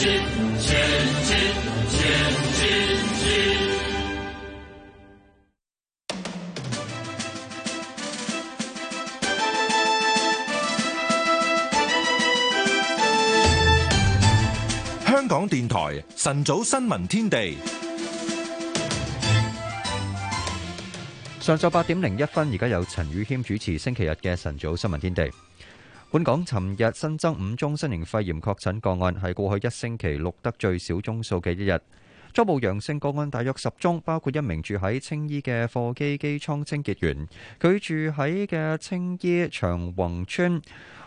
香港電台晨早新聞天地，上晝八點零一分，而家有陳宇謙主持星期日嘅晨早新聞天地。本港尋日新增五宗新型肺炎確診個案，係過去一星期錄得最少宗數嘅一日。初步陽性個案大約十宗，包括一名住喺青衣嘅貨機機艙清潔員。佢住喺嘅青衣長宏村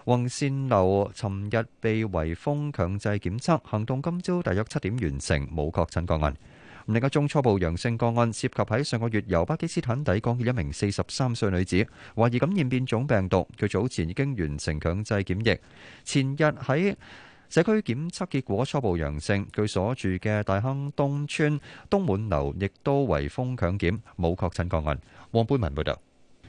宏善樓，尋日被圍封強制檢測行動，今朝大約七點完成，冇確診個案。另一宗初步陽性個案涉及喺上個月由巴基斯坦抵港嘅一名四十三歲女子，懷疑感染變種病毒，佢早前已經完成強制檢疫，前日喺社區檢測結果初步陽性，佢所住嘅大坑東邨東滿樓亦都圍封強檢，冇確診個案。黃貝文報道。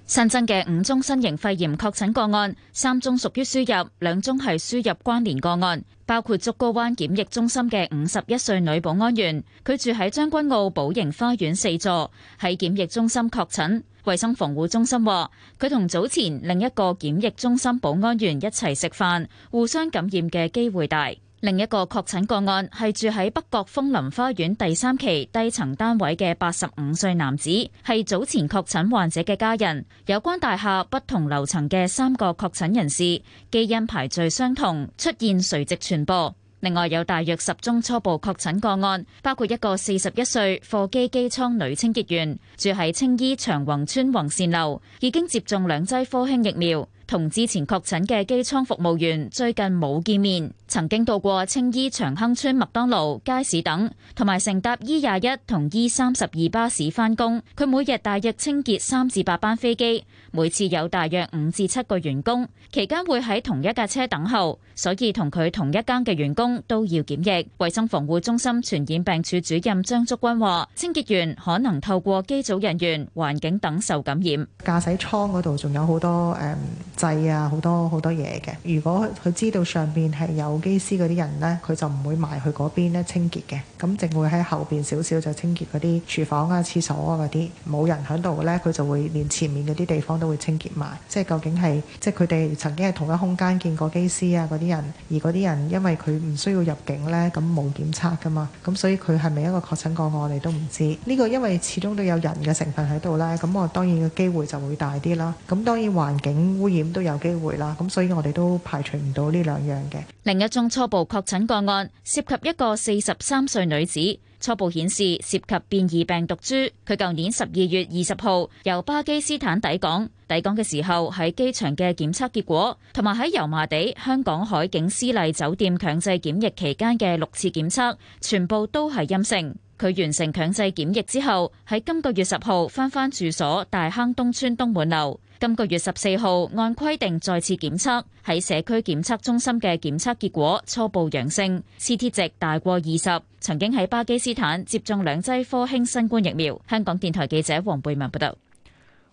新增嘅五宗新型肺炎確診個案，三宗屬於輸入，兩宗係輸入關聯個案，包括竹篙灣檢疫中心嘅五十一歲女保安員，佢住喺將軍澳寶盈花園四座，喺檢疫中心確診。衛生防護中心話，佢同早前另一個檢疫中心保安員一齊食飯，互相感染嘅機會大。另一個確診個案係住喺北角楓林花園第三期低層單位嘅八十五歲男子，係早前確診患者嘅家人。有關大廈不同樓層嘅三個確診人士基因排序相同，出現垂直傳播。另外有大約十宗初步確診個案，包括一個四十一歲貨機機艙女清潔員，住喺青衣長宏村宏善樓，已經接種兩劑科興疫苗。同之前確診嘅機艙服務員最近冇見面，曾經到過青衣長亨村、麥當勞、街市等，同埋乘搭 E 廿一同 E 三十二巴士返工。佢每日大約清潔三至八班飛機。每次有大約五至七個員工，期間會喺同一架車等候，所以同佢同一間嘅員工都要檢疫。衛生防護中心傳染病處主任張竹君話清潔員可能透過機組人員環境等受感染。駕駛艙嗰度仲有好多誒掣、嗯、啊，好多好多嘢嘅。如果佢知道上面係有機師嗰啲人咧，佢就唔會埋去嗰邊咧清潔嘅。咁淨會喺後邊少少就清潔嗰啲廚房啊、廁所啊嗰啲冇人響度咧，佢就會連前面嗰啲地方，都會清潔埋，即係究竟係即係佢哋曾經係同一空間見過機師啊嗰啲人，而嗰啲人因為佢唔需要入境咧，咁冇檢測噶嘛，咁所以佢係咪一個確診個案，我哋都唔知。呢個因為始終都有人嘅成分喺度啦，咁我當然個機會就會大啲啦。咁當然環境污染都有機會啦，咁所以我哋都排除唔到呢兩樣嘅。另一宗初步確診個案涉及一個四十三歲女子。初步顯示涉及變異病毒株。佢舊年十二月二十號由巴基斯坦抵港，抵港嘅時候喺機場嘅檢測結果，同埋喺油麻地香港海景絲麗酒店強制檢疫期間嘅六次檢測，全部都係陰性。佢完成強制檢疫之後，喺今個月十號翻返住所大坑東村東門樓。今個月十四號，按規定再次檢測喺社區檢測中心嘅檢測結果初步陽性，C T 值大過二十，曾經喺巴基斯坦接種兩劑科興新冠疫苗。香港電台記者黃貝文報道。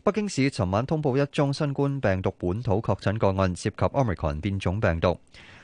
北京市尋晚通報一宗新冠病毒本土確診個案，涉及奧密克戎變種病毒。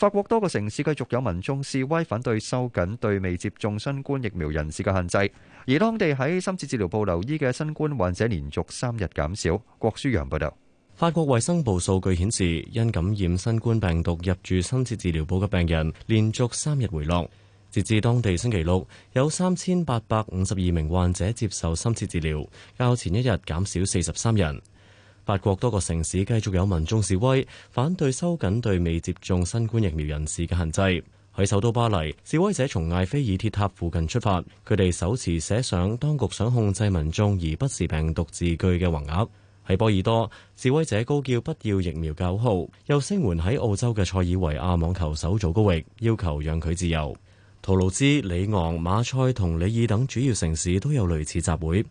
法國多個城市繼續有民眾示威，反對收緊對未接種新冠疫苗人士嘅限制，而當地喺深切治療部留醫嘅新冠患者連續三日減少。郭舒陽報道，法國衛生部數據顯示，因感染新冠病毒入住深切治療部嘅病人連續三日回落。截至當地星期六，有三千八百五十二名患者接受深切治療，較前一日減少四十三人。法國多個城市繼續有民眾示威，反對收緊對未接種新冠疫苗人士嘅限制。喺首都巴黎，示威者從艾菲爾鐵塔附近出發，佢哋手持寫上當局想控制民眾而不是病毒字句嘅橫額。喺波爾多，示威者高叫不要疫苗口號，又聲援喺澳洲嘅塞爾維亞網球手祖高域，要求讓佢自由。圖盧茲、里昂、馬賽同里爾等主要城市都有類似集會。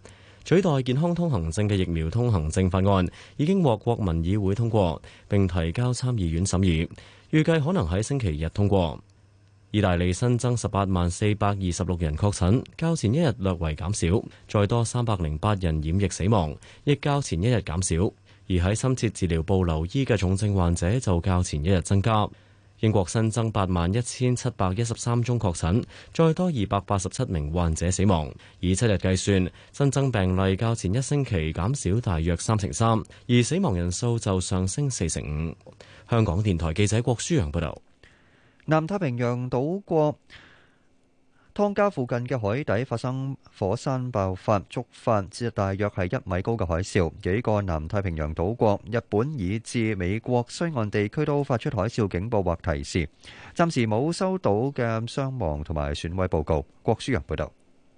取代健康通行證嘅疫苗通行證法案已經獲國民議會通過，並提交參議院審議，預計可能喺星期日通過。意大利新增十八萬四百二十六人確診，較前一日略為減少，再多三百零八人染疫死亡，亦較前一日減少。而喺深切治療部留醫嘅重症患者就較前一日增加。英國新增八萬一千七百一十三宗確診，再多二百八十七名患者死亡。以七日計算，新增病例較前一星期減少大約三成三，而死亡人數就上升四成五。香港電台記者郭舒揚報導。南太平洋島國湯加附近嘅海底發生火山爆發，觸發至大約係一米高嘅海嘯。幾個南太平洋島國、日本以至美國西岸地區都發出海嘯警報或提示。暫時冇收到嘅傷亡同埋損毀報告。郭書陽報道：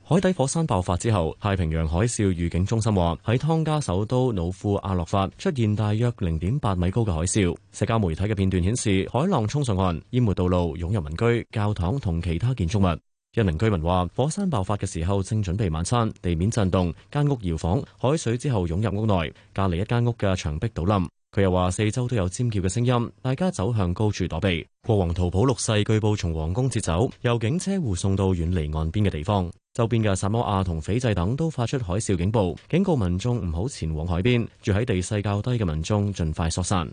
海底火山爆發之後，太平洋海嘯預警中心話喺湯加首都努庫阿洛法出現大約零點八米高嘅海嘯。社交媒體嘅片段顯示，海浪衝上岸，淹沒道路，湧入民居、教堂同其他建築物。一名居民話：火山爆發嘅時候，正準備晚餐，地面震動，間屋搖晃，海水之後湧入屋內，隔籬一間屋嘅牆壁倒冧。佢又話四周都有尖叫嘅聲音，大家走向高處躲避。國王圖普六世，據報從皇宮撤走，由警車護送到遠離岸邊嘅地方。周邊嘅薩摩亞同斐濟等都發出海嘯警報，警告民眾唔好前往海邊，住喺地勢較低嘅民眾儘快疏散。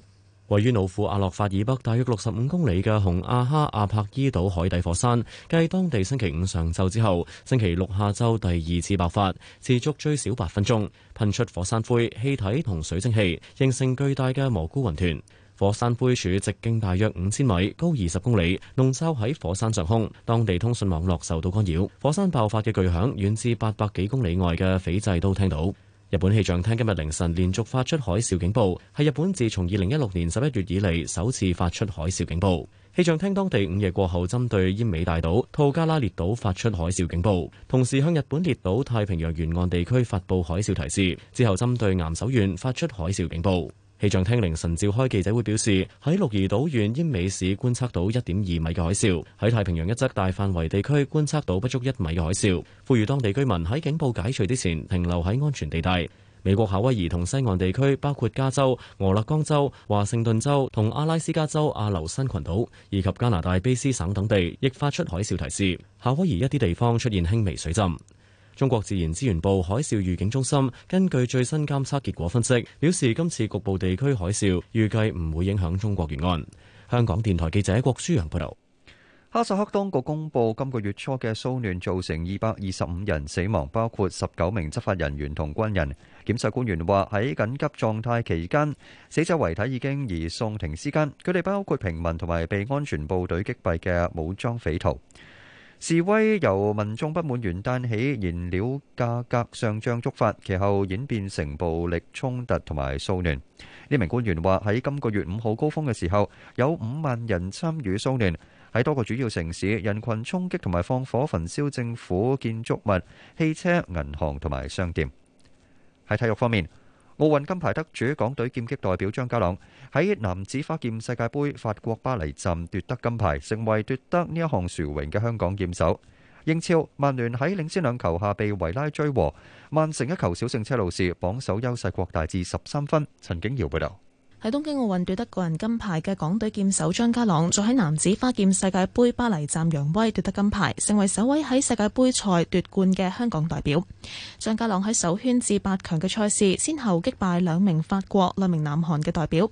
位於老庫阿洛法以北大約六十五公里嘅洪阿哈阿帕伊島海底火山，繼當地星期五上晝之後，星期六下晝第二次爆發，持續最少八分鐘，噴出火山灰、氣體同水蒸氣，形成巨大嘅蘑菇雲團。火山灰柱直徑大約五千米，高二十公里，籠罩喺火山上空。當地通訊網絡受到干擾，火山爆發嘅巨響遠至八百幾公里外嘅斐濟都聽到。日本氣象廳今日凌晨連續發出海嘯警報，係日本自從二零一六年十一月以嚟首次發出海嘯警報。氣象廳當地午夜過後，針對奄美大島、吐噶喇列島發出海嘯警報，同時向日本列島太平洋沿岸地區發佈海嘯提示。之後針對岩手縣發出海嘯警報。氣象廳凌晨召開記者會表示，喺鹿兒島縣英美市觀察到一點二米嘅海嘯，喺太平洋一側大範圍地區觀察到不足一米嘅海嘯，呼籲當地居民喺警報解除之前停留喺安全地帶。美國夏威夷同西岸地區，包括加州、俄勒岡州、華盛頓州同阿拉斯加州阿留申群島以及加拿大卑詩省等地，亦發出海嘯提示。夏威夷一啲地方出現輕微水浸。中國自然資源部海嘯預警中心根據最新監測結果分析，表示今次局部地區海嘯預計唔會影響中國沿岸。香港電台記者郭書洋報道。哈薩克當局公布今個月初嘅騷亂造成二百二十五人死亡，包括十九名執法人員同軍人。檢察官員話喺緊急狀態期間，死者遺體已經移送停屍間。佢哋包括平民同埋被安全部隊擊斃嘅武裝匪徒。示威由民眾不滿元旦起燃料價格上漲觸發，其後演變成暴力衝突同埋騷亂。呢名官員話：喺今個月五號高峰嘅時候，有五萬人參與騷亂，喺多個主要城市，人羣衝擊同埋放火焚燒政府建築物、汽車、銀行同埋商店。喺體育方面。奧運金牌得主港隊劍擊代表張家朗喺男子花劍世界盃法國巴黎站奪得金牌，成為奪得呢一項殊榮嘅香港劍手。英超，曼聯喺領先兩球下被維拉追和，曼城一球小勝車路士，榜首優勢擴大至十三分。陳景瑤報道。喺東京奧運奪得個人金牌嘅港隊劍手張家朗，再喺男子花劍世界盃巴黎站揚威奪得金牌，成為首位喺世界盃賽奪冠嘅香港代表。張家朗喺首圈至八強嘅賽事，先後擊敗兩名法國、兩名南韓嘅代表，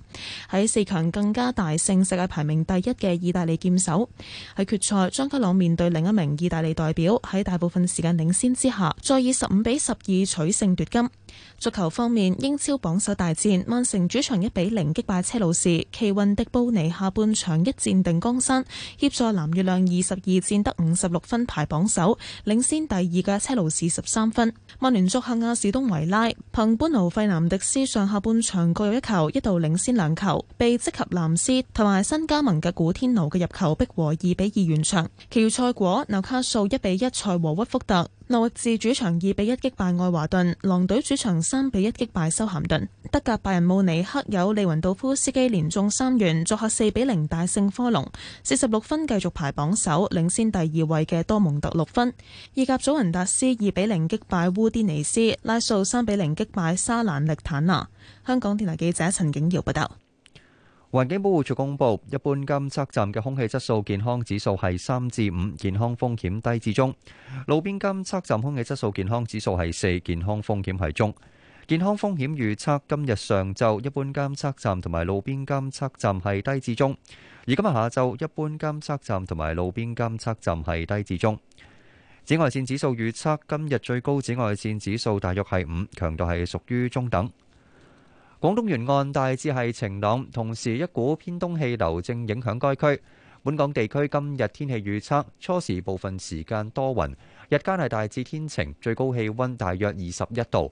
喺四強更加大勝世界排名第一嘅意大利劍手。喺決賽，張家朗面對另一名意大利代表，喺大部分時間領先之下，再以十五比十二取勝奪金。足球方面，英超榜首大戰，曼城主場一比零擊敗車路士，奇雲迪布尼下半場一戰定江山，協助藍月亮二十二戰得五十六分排榜首，領先第二嘅車路士十三分。曼聯作客亞士東維拉，憑本奴費南迪斯上下半場各有一球，一度領先兩球，被積及藍斯同埋新加盟嘅古天奴嘅入球逼和二比二完場，其他賽果，紐卡素一比一賽和屈福特，諾域治主場二比一擊敗愛華頓，狼隊主場，三比一擊敗修咸頓，德甲拜仁慕尼黑有利雲道夫斯基連中三元，作客四比零大勝科隆，四十六分繼續排榜首，領先第二位嘅多蒙特六分。意甲祖雲達斯二比零擊敗烏迪尼斯，拉素三比零擊敗沙蘭力坦拿。香港電台記者陳景瑤報道。環境保護署公布，一般監測站嘅空氣質素健康指數係三至五，健康風險低至中；路邊監測站空氣質素健康指數係四，健康風險係中。健康風險預測，今日上晝一般監測站同埋路邊監測站係低至中，而今日下晝一般監測站同埋路邊監測站係低至中。紫外線指數預測，今日最高紫外線指數大約係五，強度係屬於中等。廣東沿岸大致係晴朗，同時一股偏東氣流正影響該區。本港地區今日天氣預測，初時部分時間多雲，日間係大致天晴，最高氣温大約二十一度。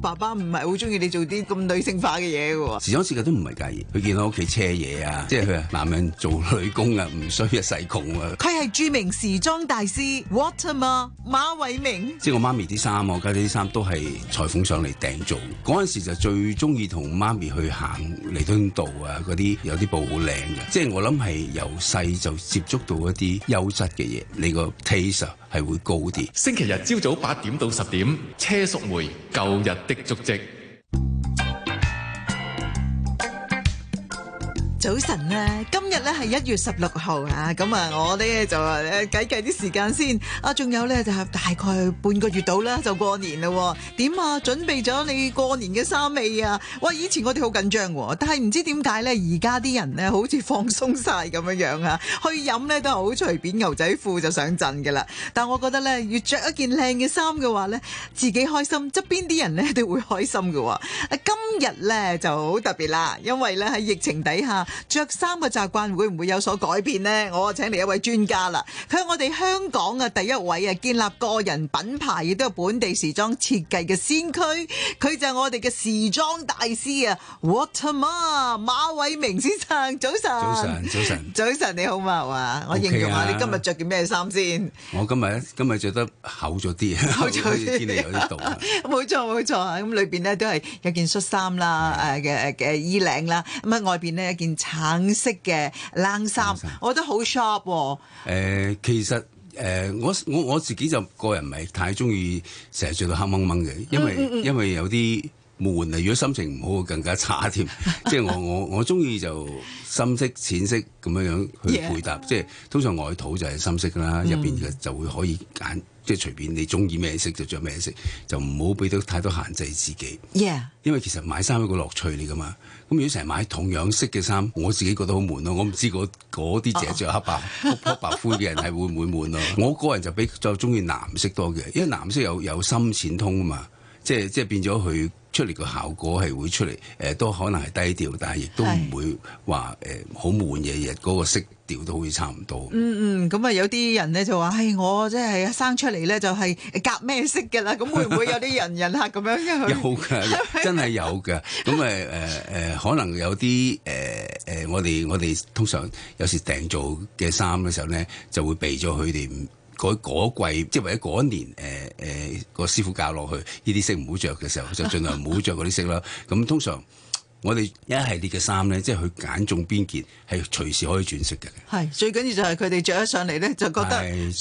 爸爸唔係好中意你做啲咁女性化嘅嘢嘅喎，時裝設計都唔係介意。佢見到屋企車嘢啊， 即係佢話男人做女工啊，唔衰啊，一世窮啊。佢係 著名時裝大師 Waterman 馬偉明，即係我媽咪啲衫，我家姐啲衫都係裁縫上嚟訂做。嗰陣時就最中意同媽咪去行彌敦道啊，嗰啲有啲布好靚嘅，即係我諗係由細就接觸到一啲優質嘅嘢。你個 taste 係會高啲。星期日朝早八點到十點，車淑梅舊日的足迹。早晨呢，今日咧係一月十六號啊，咁啊，我呢就計計啲時間先啊，仲有呢，就係大概半個月到啦，就過年嘞，點啊？準備咗你過年嘅衫未啊？喂，以前我哋好緊張嘅啊，但係唔知點解呢，而家啲人呢好似放鬆晒咁樣樣啊。去飲呢都係好隨便，牛仔褲就上陣噶啦。但我覺得呢，越着一件靚嘅衫嘅話呢，自己開心，側邊啲人呢都會開心嘅啊。今日呢就好特別啦，因為呢喺疫情底下。着衫嘅習慣會唔會有所改變呢？我請嚟一位專家啦，佢係我哋香港嘅第一位啊，建立個人品牌亦都係本地時裝設計嘅先驅，佢就係我哋嘅時裝大師啊。Walter Ma，馬偉明先生，早晨。早晨，早晨，早晨你好嘛？哇 Okay！我形容下你今日着件咩衫先？我今日今日着得厚咗啲，好似天氣有啲凍。冇 錯，冇錯。咁裏邊呢都係一件恤衫啦，誒嘅嘅衣領啦，咁喺外邊呢，一件。橙色嘅冷衫，冷衣我覺得好、哦、sharp 誒，其實誒、呃，我我我自己就個人唔係太中意成日着到黑掹掹嘅，因為 因為有啲悶啊。如果心情唔好，更加差添。 即係我我我中意就深色、淺色咁樣樣去配搭。Yeah. 即係通常外套就係深色啦，入邊 就會可以揀。即係隨便你中意咩色就着咩色，就唔好俾到太多限制自己。Yeah. 因為其實買衫係一個樂趣嚟噶嘛。咁如果成日買同樣色嘅衫，我自己覺得好悶咯、啊。我唔知嗰嗰啲淨係著著黑白、oh. 黑白，白灰嘅人係會唔會悶咯、啊？ 我個人就比較中意藍色多嘅，因為藍色有有深淺通啊嘛。即係即係變咗佢。出嚟個效果係會出嚟，誒、呃、都可能係低調，但係亦都唔會話誒好悶嘅，日、呃、嗰、那個色調都好似差唔多。嗯嗯，咁、嗯、啊有啲人咧就話：，唉、哎，我即係生出嚟咧就係夾咩色㗎啦。咁會唔會有啲人人客咁樣？ 有㗎的， 真係有㗎。咁誒誒誒，可能有啲誒誒，我哋我哋通常有時訂造嘅衫嘅時候咧，就會避咗佢哋。佢嗰季即係或者一年誒誒個師傅教落去呢啲色唔好着嘅時候，就盡量唔好着嗰啲色啦。咁 通常我哋一系列嘅衫咧，即係佢揀中邊件係隨時可以轉色嘅。係最緊要就係佢哋着得上嚟咧，就覺得